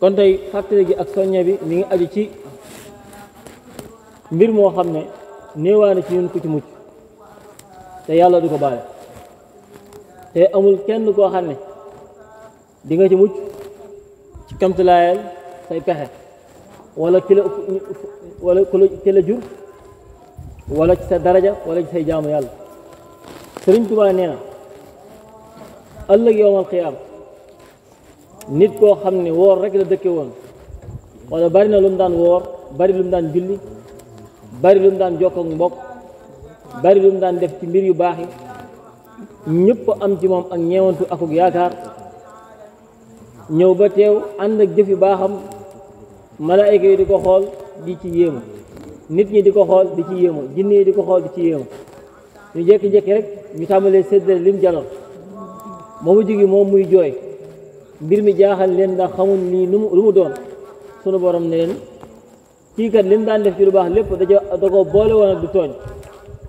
kon tey fàttali gi ak soññe bi mi ngi aju ci mbir moo xam ne néewaane ci ñun ku ci mucc te yàlla du ko baale te amul kenn koo xam ne di nga ci mucc ci kamtilaayal say pexe walla ki la wala ki jur walla ci sa daraja wala ci say jaamu yàlla sëriñ Tuubaa nee na ëllëg yowmal xiyaam nit koo xam ne woor rek la dëkke woon wala bari na lu mu daan woor bari lu mu daan julli bari lu mu daan jokk ak mbokk bari lu mu daan def ci mbir yu baax yi ñëpp am ci moom ak ñeewantu akuk yaakaar ñëw ba teew ànd ak jëf yu baaxam malaayka yi di ko xool di ci yéemu nit ñi di ko xool di ci yéemu jinne yi di xool di ci yéemu ñu jékki-jékki rek ñu tàmbalee séddale lim jaloon moomu jigi moom muy jooy mbir mi jaaxal leen ndax xamul ni nu mu lu mu doon sunu borom ne leen kii kat lim daan def ci lu baax lépp da da ko boole woon ak du tooñ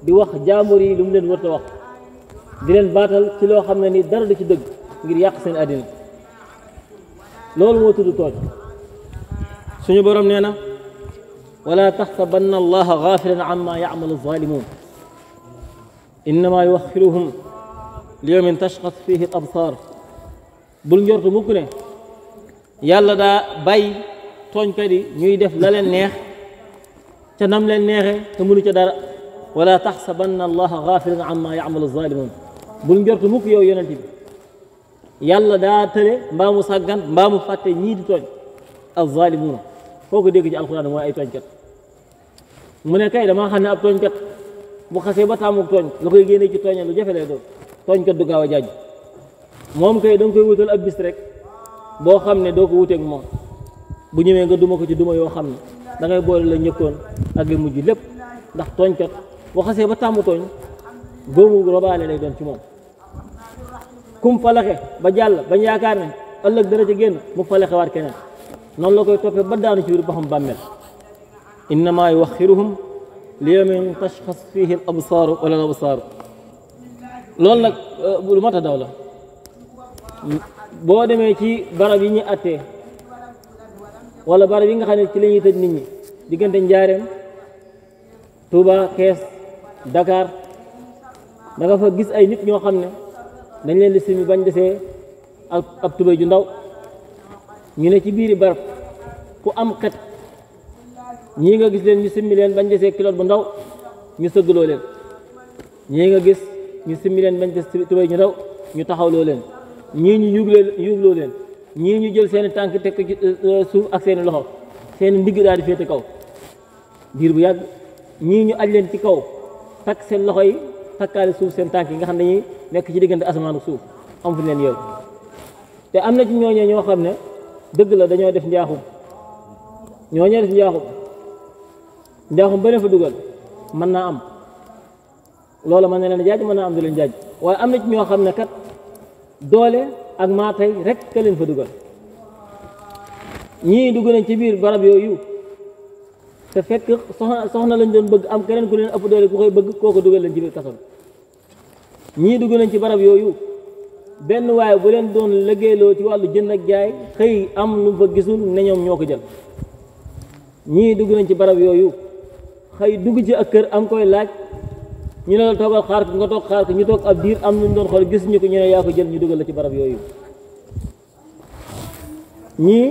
di wax jaambur yi lu mu leen warta wax di leen baatal ci loo xam ne ni dara du ci dëgg ngir yàq seen àddina loolu moo tudd tooñ suñu borom nee na wala taxsabanna allaha gaafilan amma yamalu zalimun innama yuakhiruhum li yawmin tashxas fihi al absar bul njortu mukk ne yàlla daa bàyyi tooñkat yi ñuy def la len neex ca nam len neexe te mënu ca dara wala taxsabanna allah gaafilan amma yacmalu zalimun bul njortu mukk yow yonent bi yàlla da tële mbaa mu sàggan mbaa mu fàtte ñi di togn azzaalimuuna zalimun foko deg ci alquran mo ay tooñkat mu ne kay dama xane ab togn kat bu xasse ba tamuk togn la koy gene ci togn lu jafe lay togn kat du gawa a moom kay da nga koy wutal ab bis rek boo xam ne doo ko wuteeg moom bu ñëwee nga duma ko ci duma yoo xam ne da boole la njëkkoon ak li mujj lépp ndax tooñkat boo xasee ba tàmm tooñ góomu robaale lay doon ci moom kum falaxe ba jàll bañ yaakaar ne ëllëg dara ci génn mu falaxe waat keneen noonu la koy toppee ba daanu ci biir ba xam bàmmeel innama yuwaxiruhum li yawmin tashxas fihi al absaaru wala al absaaru loolu nag euh, lu mat a daw la boo demee ci barab yi ñu attee wala barab yi nga xam ne ci la ñuy nit ñi diggante njaareem Touba Kees dakaar danga fa gis ay nit ñoo xam ne dañ leen di simi bañ desee ak ab tubéy ju ndaw ñu ne ci biiri barab ku am xet ñii nga gis leen ñu simmi bañ desee kilot bu ndaw ñu sëggloo leen ñii nga gis ñu simmi bañ des tubéy ju ndaw ñu taxaw loo leen ñii ñu yugle yugloo leen ñii ñu jël seen tànk te ko ci euh, euh, suuf ak seen loxo seen ndigg daal di kaw diir bu yàgg ñii ñu aj leen ci kaw takk seen loxo yi takkaale suuf seen tànk yi nga xam ne dañuy nekk ci diggante asamaan suuf am fu leen na ci ñooñee ñoo xam ne dëgg la dañoo def njaaxum ñooñee def njaaxum njaaxum ba ne fa dugal man naa am loolu mën na leen jaaj mën naa am du leen waaye am na ci ñoo xam ne kat doole ak maatay rek ka leen fa dugal ñii dugg nañ ci biir barab yooyu te fekk soxna soxna lañ doon bëgg am keneen ku leen ëpp doole ku koy bëgg kooko dugal leen ci biir kaso ñii dugg nañ ci barab yooyu benn waaye bu leen doon liggéeyloo ci wàllu jënd ak jaay xëy am lu fa gisul ne ñoom ñoo ko jël ñii dugg nañ ci barab yooyu xëy dugg ci ak kër am koy laaj ñu ne la toogal xaar ko nga toog xaar ko ñu toog ab diir am nañ doon xool gis ñu ko ñu ne yaa ko jël ñu dugal la ci barab yooyu ñii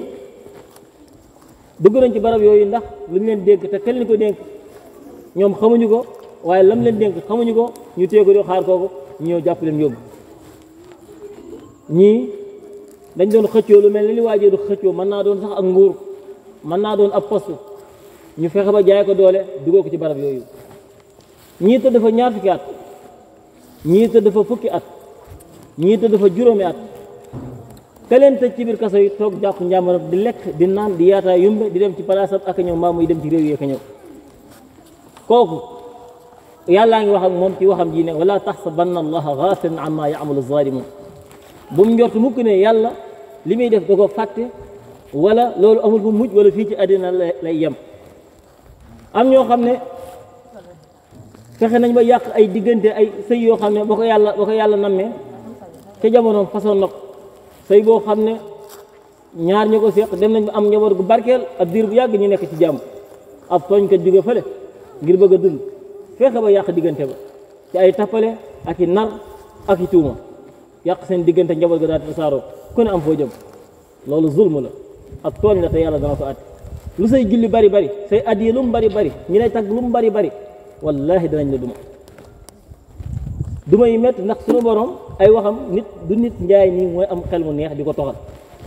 dugg nañ ci barab yooyu ndax lu ñu leen dénk te kenn ni ko dénk ñoom xamuñu ko waaye lam leen dénk xamuñu ko ñu téye ko di xaar kooku ñu ñëw jàpp leen yóbbu ñii dañ doon xëccoo lu mel ni li waajee du xëccoo mën naa doon sax ak nguur mën naa doon ab poste ñu fexe ba jaay ko doole duggoo ko ci barab yooyu ñii tëdd fa ñaar fukki at ñii tëdd fa fukki at ñii tëdd fa juróomi at ka leen tëj ci biir kaso yi toog jàpp njàmbaram di lekk di naan di yaataa yumbe di dem ci palaasam ak ñëw mbaa muy dem ci réew yi ak ñëw kooku yàllaa ngi wax ak moom ci waxam ji ne wala taxsabanna allaha gaafilan amma yaamalu zaalimun bu mu njort mukk ne yàlla li muy def da ko fàtte wala loolu amul bu mujj wala fii ci àddina lay yem am ñoo xam ne fexe nañ ba yàq ay diggante ay sëy yoo xam ne boo ko yàlla boo ko yàlla nammee ca jamono façon nag sëy boo xam ne ñaar ñi ko seq dem nañ ba am njaboot gu barkeel ab diir bu yàgg ñu nekk ci jàmm ab tooñkat jóge fële ngir bëgg a dund fexe ba yàq diggante ba ci ay tappale ak i nar ak i tuuma yàq seen diggante njaboot ga daal di tasaaroo ne am foo jëm loolu zulm la ak tooñ la te yàlla dana ko at lu say julli bari bari say addiya lu mu bari bari ñu lay tagg lu mu bari wallaahi danañ la duma duma yi métti ndax suñu borom ay waxam nit du nit njaay nii mooy am xel mu neex di ko toxal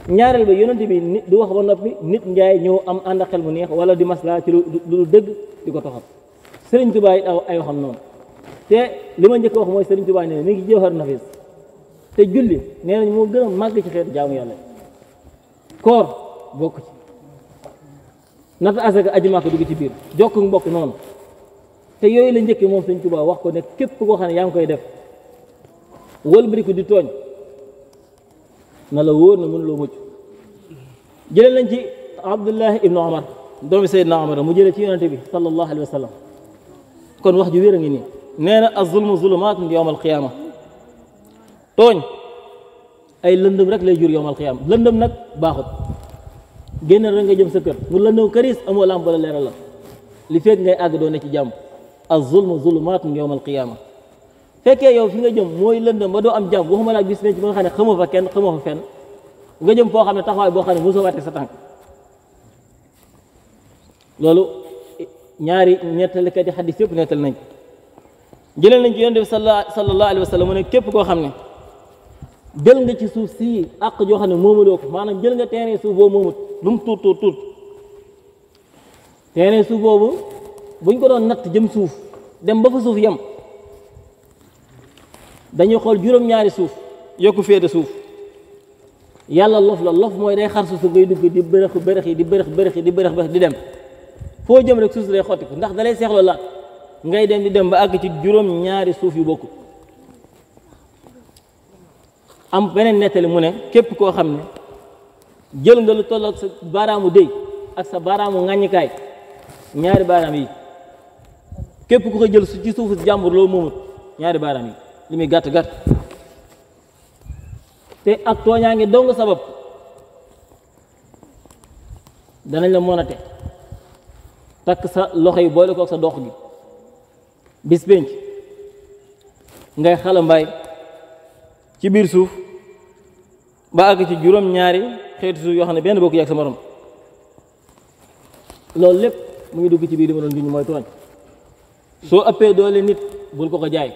ñaareel ba yonent bi nit du wax ba noppi nit njaay ñëw am ànd ak xel mu neex wala di maslaa ci lu lu dëgg di ko toxal sëriñ Tuubaa it ay waxam noonu te li ma njëkk wax mooy sëriñ Tuubaa nee na ngi jawhar nafis te julli nee nañ moo gën a màgg ci xeetu jaamu yàlla koor bokk ci natt asaka aji màkk dugg ci biir jokk mbokk noonu te yooyu la njëkkee moom sëñ Tuubaa wax ko ne képp koo xam ne yaa ngi koy def wëlbatiku di tooñ na la wóor na mënuloo mucc jëlee nañ ci abdullah ibnu Omar doomi Seydina Omar mu jëlee ci yonante bi sallallahu alayhi wa sallam kon wax ju wér a ngi nii nee na az-zulmu zulumaatun yawmal qiyaama tooñ ay lëndëm rek lay jur yawmal qiyaama lëndëm nag baaxut génn rek nga jëm sa kër mu lëndëm këris amoo làmp la leeral la li fekk ngay àgg doone ci jàmm az-zulmu zulumaatun yawm al-qiyaama fekkee yow fi nga jëm mooy lëndëm ba doo am jàmm waxuma la bis ci ba nga xam ne xamoo fa kenn xamoo fa fenn nga jëm foo xam ne taxawaay boo xam ne mosoo wàtte sa tànk loolu ñaari nettalikat yi xadis yëpp nettal nañ jëlee nañ ci yonent bi sallallahu alayhi wa sallam mu ne képp koo xam ne jël nga ci suuf sii àq joo xam ne moomuloo ko maanaam jël nga terrain suuf boobu moomut lu mu tuut tuut tuut terrain suuf boobu buñ ko doon natt jëm suuf dem ba fa suuf yam dañuy xool juróom-ñaari suuf yokku féete suuf yàlla lof la lof mooy day xar suuf ngay dugg di bërëx bërëx yi di bërëx bërëx yi di bërëx bërëx di dem foo jëm rek suuf lay day xotti ko ndax dalay seexloo la ngay dem di dem ba àgg ci juróom-ñaari suuf yu bokk am beneen nettali mu ne képp koo xam ne jël nga lu tolloog sa baaraamu déy ak sa baaraamu ŋàññikaay ñaari baaraam yi képp ku ko jël su ci suufu jàmbur loo moomut ñaari baaraam yi li muy gàtt gàtt te ak tooñaa ngi dong sabab danañ la mën a te takk sa loxo yi boole ko ak sa dox gi bis penc ngay xalambaay ci biir suuf ba àgg ci juróom-ñaari xeetu suuf yoo xam ne benn bokk yàgg sa morom loolu lépp mu ngi dugg ci biir li ma doon juñ mooy tooñ soo ëppee doole nit bul ko ko jaay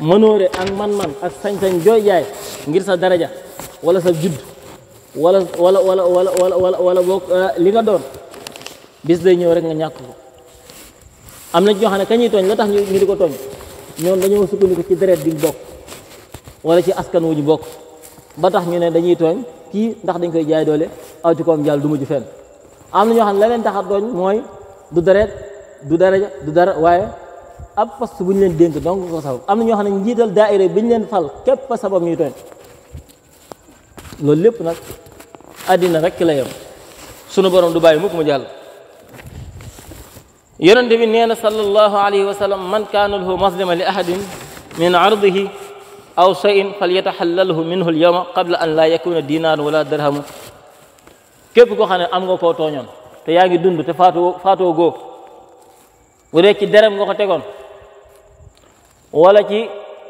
mënoore ak man-man ak sañ-sañ jooy jaay ngir sa daraja wala sa judd wala wala wala wala wala wala boog euh, li nga doon bis day ñëw rek nga ñàkk ko am na ñoo xam ne ka tooñ la tax ñu di ko tooñ ñoom dañoo sukkandiku ci deret bi bokk wala ci askan wu bokk ba tax ñu ne dañuy tooñ kii ndax dañ koy jaay doole aw ci koom jàll du mujj fenn am na ñoo xam ne la leen tax a tooñ mooy du deret du daraja du dara waaye ab poste bu ñu leen dénk donc ko sabab am na ñoo xam ne njiital daayira bi leen fal képp a sabab ñuy tooñ loolu lépp nag àddina rekk la yem sunu borom du bàyyi mukk mu jàll yonent bi nee na sallallahu alayhi man kaana lahu maslima li ahadin min ardihi aw shay'in falyatahallalhu minhu al qabla an laa yakuna dinaar wala dirhamu képp koo xam am nga koo tooñoon te yaa ngi dund te faatoo faatoo bu dee ci derem nga ko tegoon wala ci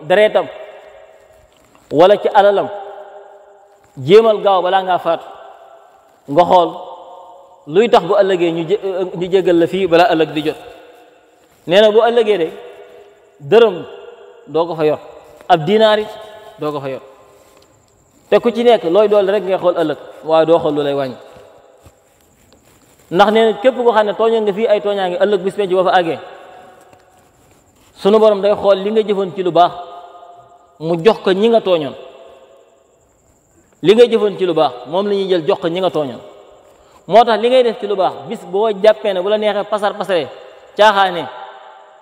dereetam wala ci alalam jéemal gaaw balaa ngaa faatu nga xool luy tax bu ëllëgee ñu euh, ñu jégal la fii balaa ëllëg di jot nee na bu ëllëgee de dërëm doo ko fa yor ab dinaar doo ko fa yor te ci nekk looy dool rek ngay xool ëllëg waaye doo xool lu lay wàññi ndax nee képp koo xam ne tooñoon nga fi ay tooñaa ngi ëllëg bis penc boo fa borom day xool li nga jëfoon ci lu baax mu jox ko ñi nga tooñoon li ngay jëfoon ci lu baax moom la ñuy jël jox ko ñi nga tooñoon moo tax li ngay def ci lu baax bis boo jàppee ne bu la neexee pasar pasare caaxaane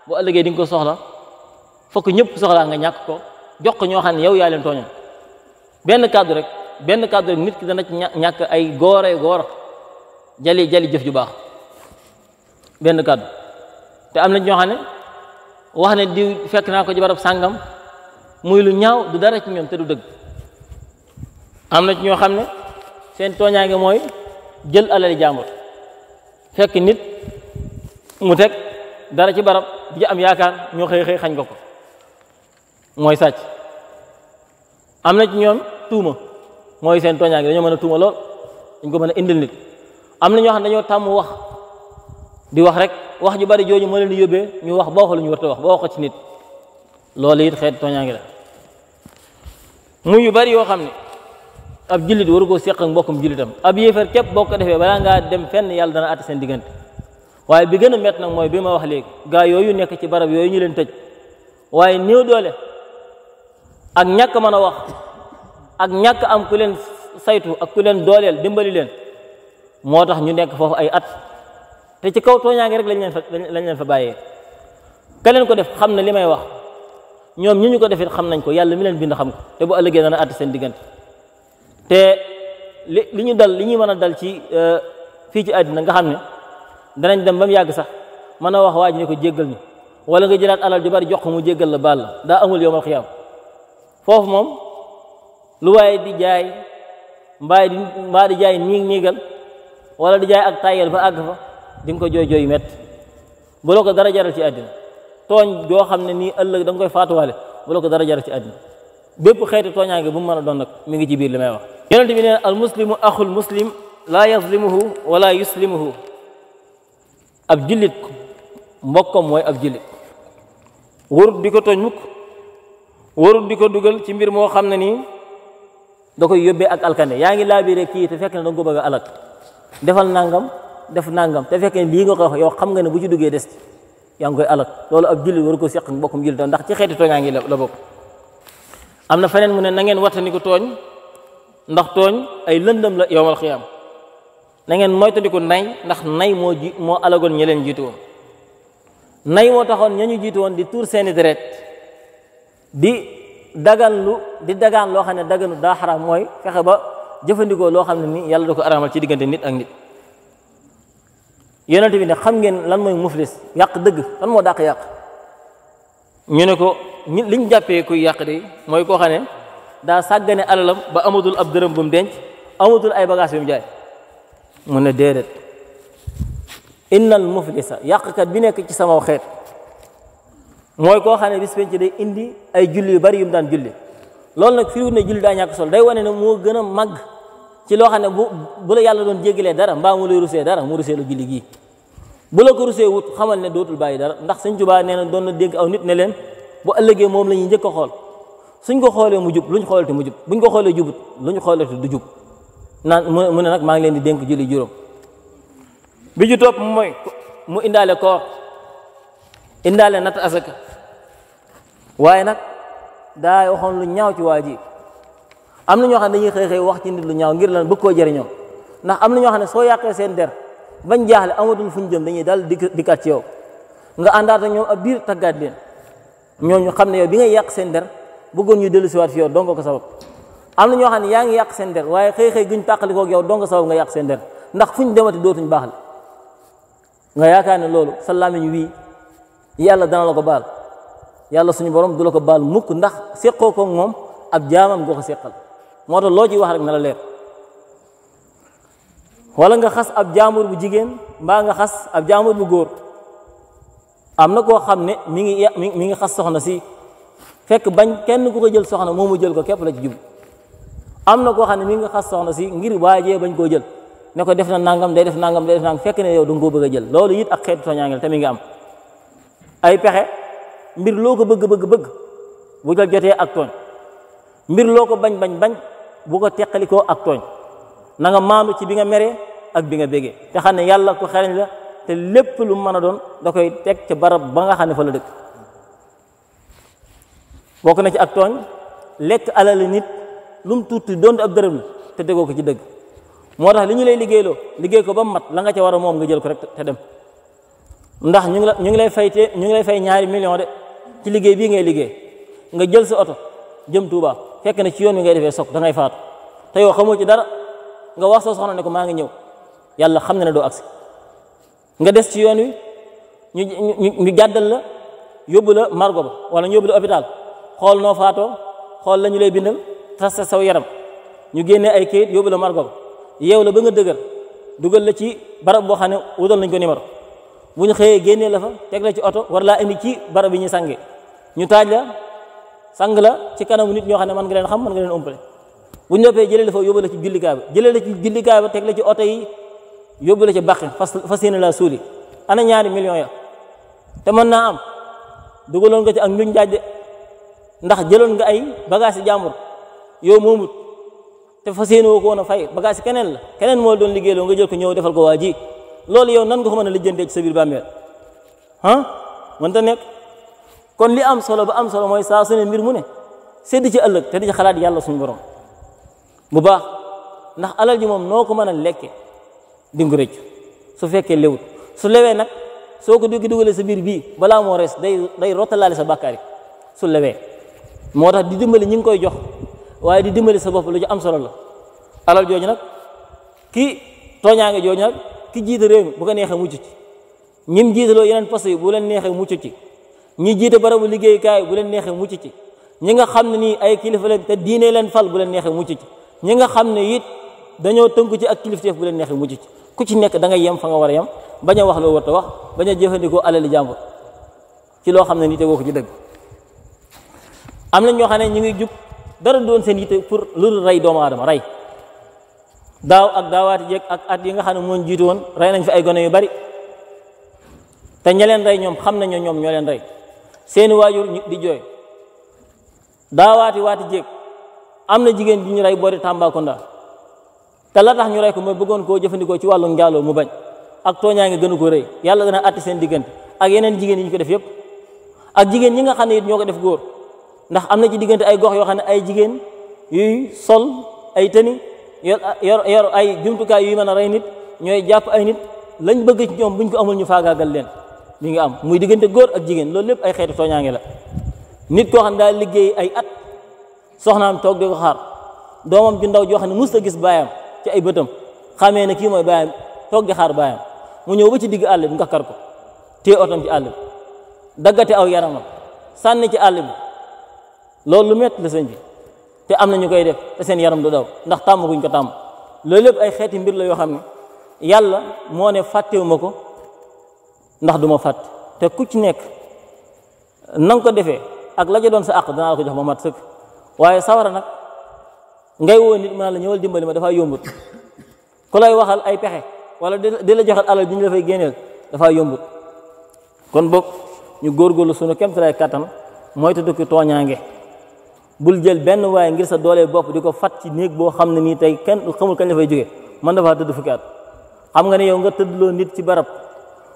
bu ëllëgee di nga ko soxla fokk ñëpp soxlaa nga ñàkk ko jox ko ñoo xam ne yow yaa leen tooñoon benn kàddu rek benn kàddu rek nit ki dana ñàkk ay góor ay góor jali jali jëf ju baax benn kàddu te am na ñoo xam ne wax ne diw fekk naa ko ci barab sàngam muy lu ñaaw du dara ci ñoom te du dëgg am na ñoo xam ne seen tooñaange mooy jël alali jàmbur fekk nit mu teg dara ci barab di am yaakaar ñoo xëy xañ ko ko mooy sàcc am na ci ñoom tuuma mooy seen tooñaange dañoo mën a tuuma lool dañ ko mën a indil nit am na ñoo wax ne dañoo tàmm wax di wax rek wax ju bari jooju moo leen di yóbbee ñu wax ba wax lu ñu war wax ba wax ko ci nit loolu it xeet tooñaa ngi la mu yu bari yoo xam ne ab jullit waru koo seq ak mbokkum jullitam ab yéefar képp boo ko defee balaa ngaa dem fenn yàlla dana àtte seen diggante waaye bi gën a métti nag mooy bi ma wax léegi gaa yooyu nekk ci barab yooyu ñu leen tëj waaye néew doole ak ñàkk mën a wax ak ñàkk am ku leen saytu ak ku leen dooleel dimbali leen moo tax ñu nekk foofu ay at te ci kaw tooñaange rek lañ leen fa leen fa bàyyee ka ko def xam na li may wax ñoom ñi ñu ko defit xam nañ ko yàlla mi leen bind xam ko te bu ëllëgee dana àtte seen diggante te li li ñu dal li ñuy mën a dal ci euh, fii ci àddina nga xam ne danañ dem ba mu yàgg sax mën a wax waaj ne ko jéggal ñu wala nga jëlaat alal ju bari jox ko mu jéggal la baal la daa amul yow mal xiyaam foofu moom lu waaye di jaay mbaay di mbaa di jaay niig niigal wala di jaay ak tayel ba àgg fa di ko jooy jooy mett bu la dara jaral ci àddina tooñ joo xam ne nii ëllëg da koy faatuwaale bu la ko dara jaral ci àddina bépp xeetu tooñaa ngi mu mën a doon nag mi ngi ci biir li may wax yonent bi neen al muslimu axul muslim laa yazlimuhu wala yuslimuhu ab jullit mbokkam mooy ab jullit warut di ko tooñ mukk warut di ko dugal ci mbir moo xam ne ni da koy yóbbee ak alkande yaa ngi laa biire kii te fekk na da nga ko defal nangam def nangam te fekkee lii nga ko yow xam nga ne bu ci dugee des yaa ngi koy alal loolu ab jullit war ko seq ak mbokkum jullit ndax ci xeeti tooñaa ngi la bokk. am na feneen mu ne nangeen ngeen wattandiku tooñ ndax tooñ ay lëndëm la yowmal xiyaam na ngeen moytandiku nay ndax nay moo ji moo alagoon ñi leen jiitu woon nay moo taxoon ña ñu jiitu woon di tuur seeni deret di dagan lu di dagaan loo xam ne daganu daa xaraam mooy fexe ba. jëfandikoo loo xam ne ni yàlla da ko araamal ci diggante nit ak nit yonent bi ne xam ngeen lan mooy muflis yàq dëgg lan moo dàq yàq ñu ne ko ñun liñ jàppee kuy yàq de mooy koo xam ne daa sàggane alalam ba amatul ab dërëm bu denc amatul ay bagages yu mu jaay mu ne déedéet innal muflisa yàqkat bi nekk ci sama xeet mooy koo xam ne bis indi ay julli yu bari yu daan julli loolu nag firiwut ne julli daa ñàkk sol day wane ne moo gën a ci loo xam ne bu bu la yàlla doon jéggalee dara mbaa mu lay rusee dara mu rusee lu julli gii bu la ko rusee wut xamal ne dootul bàyyi dara ndax sëñ Tuubaa nee na doon na dégg aw nit ne leen bu ëllëgee moom la ñuy njëkk a xool suñ ko xoolee mu jub luñ xoolati mu jub buñ ko xoolee jubut luñ xoolati du jub naan mu ne nag maa ngi leen di dénk julli juróom bi ju topp mooy mu indaale koor indaale natt asaka waaye nag daa waxoon lu ñaaw ci waa ji am na ñoo xam ne dañuy xëy xëy wax ci nit lu ñaaw ngir lan bëgg koo jëriñoo ndax am na ñoo xam ne soo yàqee seen der bañ jaaxle amatuñ fuñ jëm dañuy dal dikkaat ci yow nga àndaat ak ñoom ab biir tàggaat leen ñooñu xam ne yow bi ngay yàq seen der bëggoon ñu dellu siwaat fi yow dong ko sabab am na ñoo xam ne yaa ngi yàq seen der waaye xëy xëy guñ tàqalikoo ak yow dong sabab nga yàq seen der ndax fuñ demati dootuñ baax la nga yaakaar ne loolu sa làmmiñ wii yàlla dana ko baal yàlla suñu borom du la ko baal mukk ndax séqoo ko moom ab jaamam goo ko séqal moo tax loo ci wax rek na la leer wala nga xas ab jaamur bu jigéen baa nga xas ab jaamur bu góor am na koo xam ne mi ngi mi ngi xas soxna si fekk bañ kenn ku ko jël soxna moo mu jël ko képp la ci jub am na koo xam ne mi ngi xas soxna si ngir waajee bañ koo jël ne ko def na nangam day def nangam day def fekk ne yow du nga koo bëgg a jël loolu it ak xeetu toñaangeel tamit nga am ay pexe mbir loo ko bëgg bëgg bëgg bu jël jotee ak tooñ mbir loo bañ bañ bañ bu ko teqalikoo ak tooñ nanga nga ci bi nga meree ak bi nga bégee te xam ne yàlla ko xereñ la te lépp lu mën a doon da koy teg ca barab ba nga xam ne fa la dëkk bokk na ci ak tooñ lekk alali nit lu mu tuuti doon ak dërëm la te degoo ko ci dëgg moo tax li ñu lay liggéeyloo liggéey ko ba mat la nga ca war a moom nga jël ko rek te dem ndax ñu ngi ñu ngi lay fay ñu ngi ñaari million de ci liggéey bii ngay liggéey nga jël sa oto jëm Tuubaa fekk na ci yoon wi ngay defee soog da ngay faatu te yow xamoo ci dara nga wax soo soxna ne ko maa ngi ñëw yàlla xam ne ne doo agsi nga des ci yoon wi ñu ñu ñu jàddal la yóbbu la margo ba wala ñu yóbbu la hôpital xool noo faatoo xool la ñu lay bindal tas saw yaram ñu génnee ay kayit yóbbu la margo ba yeew la ba nga dëgër dugal la ci barab boo xam ne wutal nañ ko numéro bu ñu xëyee génnee la fa teg la ci oto war laa indi ci barab yi ñu sànge ñu taaj la sang la ci kanamu nit ñoo xam ne mën nga leen xam mën nga leen ëmpale bu ñoppee jëlee la fa yóbbu la ci jullikaay ba jëlee la ci jullikaay ba teg la ci oto yi yóbbu la ci bàqi fas fas laa suuli ana ñaari millions ya te man naa am dugaloon nga ci ak njuñ jaaj ndax jëloon nga ay bagage yi jàmbur yow moomut te fas yéene woo ko a fay bagaas keneen la keneen moo doon liggéey loo nga jël ko ñëw defal ko waa ji loolu yow nan nga ko mën a lijjantee ci sa biir bàmmeel kon li am solo bu am solo mooy saa su ne mbir mu ne sedd ci ëllëg te di ci xalaat yàlla suñu borom bu baax ndax alal ji moom noo ko mën a lekke di nga rëcc su fekkee lewut su lewee nag soo ko dugg dugalee sa biir bii balaa moo rees day day rottalaale sa bàkkaar su lewee moo tax di dimbali ñi ngi koy jox waaye di dimbali sa bopp lu ci am solo la alal jooju nag ki tooñaange jooju nag ki jiite réew mi bu ko neexee mucc ci ñim jiitaloo yeneen poste yi bu leen neexee mucc ci ñi jiite barabu liggéeyukaay bu leen neexee mucc ci ñi nga xam ne nii ay kilifa leen te leen fal bu leen neexee mucc ci ñi nga xam ne it dañoo tënku ci ak kilifteef bu leen neexee mucc ci ku ci nekk da yem fa nga war a yem bañ a wax loo war wax bañ a jëfandikoo alali jàmbur ci loo xam ne nii te woo ci dëgg am na ñoo xam ne ñu ngi jug dara doon seen yitte pour loolu rey doomu aadama rey daaw ak daawaati jeeg ak at yi nga xam ne moo jiitu rey nañ fi ay gone yu bari te ña leen ñoom xam nañu ñoom ñoo leen rey. seeni waajur di jooy daawaati waati jéeg am na jigéen bi ñu rey boori Tambacounda te la tax ñu rey ko mooy bëggoon koo jëfandikoo ci wàllu njaaloo mu bañ ak tooñaa ngi gënu ko rey yàlla dana àtte seen diggante ak yeneen jigéen yi ñu ko def yëpp ak jigéen ñi nga xam ne yi ñoo ko def góor ndax am na ci diggante ay gox yoo xam ne ay jigéen yuy sol ay tëni yor yor ay jumtukaay yuy mën a rey nit ñooy jàpp ay nit lañ bëgg ci ñoom buñ ko amul ñu faagaagal leen mi ngi am muy diggante góor ak jigéen loolu lépp ay xeetu tooñaange la nit koo xam ne daal liggéey ay at soxnaam toog di ko xaar doomam ju ndaw joo xam ne mus a gis baayam ci ay bëtam xamee ne kii mooy baayam toog di xaar baayam mu ñëw ba ci digg àll bi nga kar ko téye otom ci àll bi daggate aw yaramam sànni ci àll bi loolu lu métti la bi te am na ñu koy def te seen yaram du daw ndax tàmm guñ ko tàmm loolu lépp ay xeeti mbir la yoo xam ne yàlla moo fàttewuma ko ndax du ma fàtte te ku ci nekk nang ko defee ak la doon sa àq danaa la ko jox ba mat sëkk waaye sawara nag ngay woo nit mën la ñëwal dimbali ma dafa yombut ku lay waxal ay pexe wala di la joxal alal bi ñu dafay génneel kon boog ñu góorgóorlu sunu kem lay kattan mooy te tuddu ko tooñaange bul jël benn waaye ngir sa doole bopp di ko fat ci néeg boo xam ne nii tey kenn xamul kañ la fay jóge man dafa tëdd fukki at xam nga ne yow nga tëddloo nit ci barab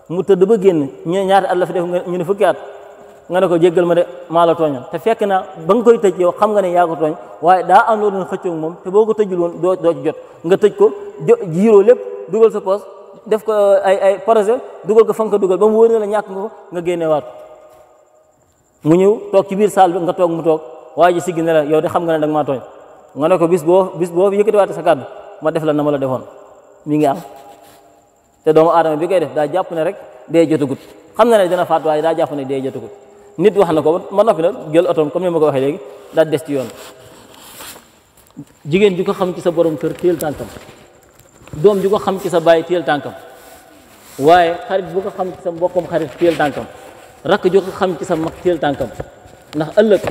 mu tëdd ba génn ñu ñaata at la fi def ñu ne fukki at nga ne ko jéggal ma de maa la tooñoon te fekk na ba nga koy tëj yow xam nga ne yaa ko tooñ waaye daa am loo doon xëccoo moom te boo ko tëjul woon doo doo jot nga tëj ko jiiroo lépp dugal sa poos def ko uh, ay ay projet dugal ko fa ko dugal ba mu wóor la ñàkk nga ko nga génnewaat mu ñëw toog ci biir saal bi nga toog mu toog waaye ji siggi ne la yow de xam nga ne da nga tooñ nga ne ko bis boo bis boo yëkkatiwaate sa kàddu ma def la na ma la defoon mi ngi te doomu aadama bi koy def daa jàpp ne rek dee jotagut xam na ne dina faat waaye daa jàpp ne dee jotagut nit wax na ko ma noppi nag jël otoom comme ni ma ko waxee daa des ci yoon jigéen ju ko xam ci sa borom kër téel tànkam doom ju ko xam ci sa bàyyi téel tànkam waaye xarit bu xam ci sa mbokkum xarit téel tànkam rakk ju ko xam ci sa mag téel tànkam ndax ëllëg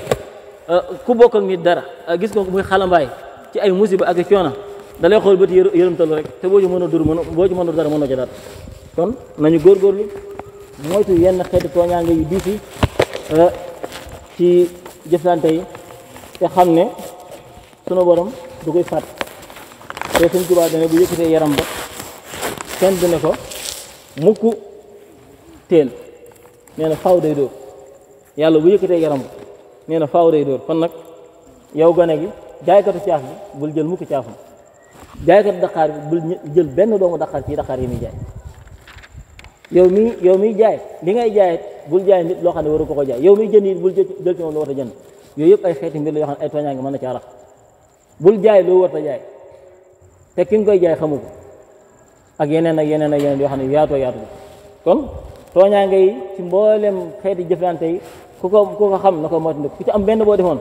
euh, ku bokk ak nit dara euh, gis ko muy xalambaay ci ay musiba ak coono da lay xool bët yërëmtal rek te boo ci mën a dur mën boo ci mën a dara mën a jëlaat kon nañu góorgóorlu moytu yenn xeeti tooñaange yu diis yi euh, ci jëflante yi te xam ne sunu borom du koy fàtt te suñ tubaab dane bu yëkkatee yaram ba kenn du ne ko mukk teel nee na faaw day dóor yàlla bu yëkkatee yaram ba nee na faaw day dóor kon nag yow gone gi jaaykatu caaf bi bul jël mukk caafam jaaykat daqaar bi bul jël benn doomu daqaar ci yi muy jaay yow mi yow miy jaay li ngay jaay bul jaay nit loo xam ne waru ko ko jaay yow miy jënd it bul jël ci moom lu a jënd yooyu yëpp ay xeeti mbir la yoo xam ne ay bul jaay loo war a jaay te ki koy jaay xamu ko ak yeneen ak yeneen ak yeneen yoo xam ne yaatoo yaatu kon tooñaa ngay ci mboolem xeeti yi ku ko ku ko xam na ko moytandiku ku ci am benn boo defoon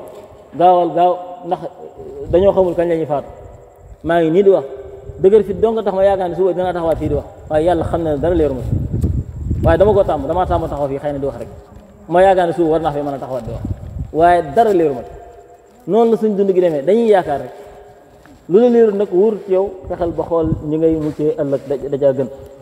gaawal gaaw ndax dañoo xamul kañ la ñuy faatu maa ngi nii di wax dëgër fit dong tax ma yaakaar ne suba dinaa taxawaat fii di wax waaye yàlla xam na ne dara leeru ma waaye dama ko tàmm damaa tàmm taxaw fii xëy na di wax rek ma yaakaar ne suba war naa fee mën a taxawaat di wax waaye dara leeru ma noonu la suñ dund gi demee dañuy yaakaar rek lu la leeru nag wóor ci yow fexeel ba xool ñi ngay muccee ëllëg dajaa gën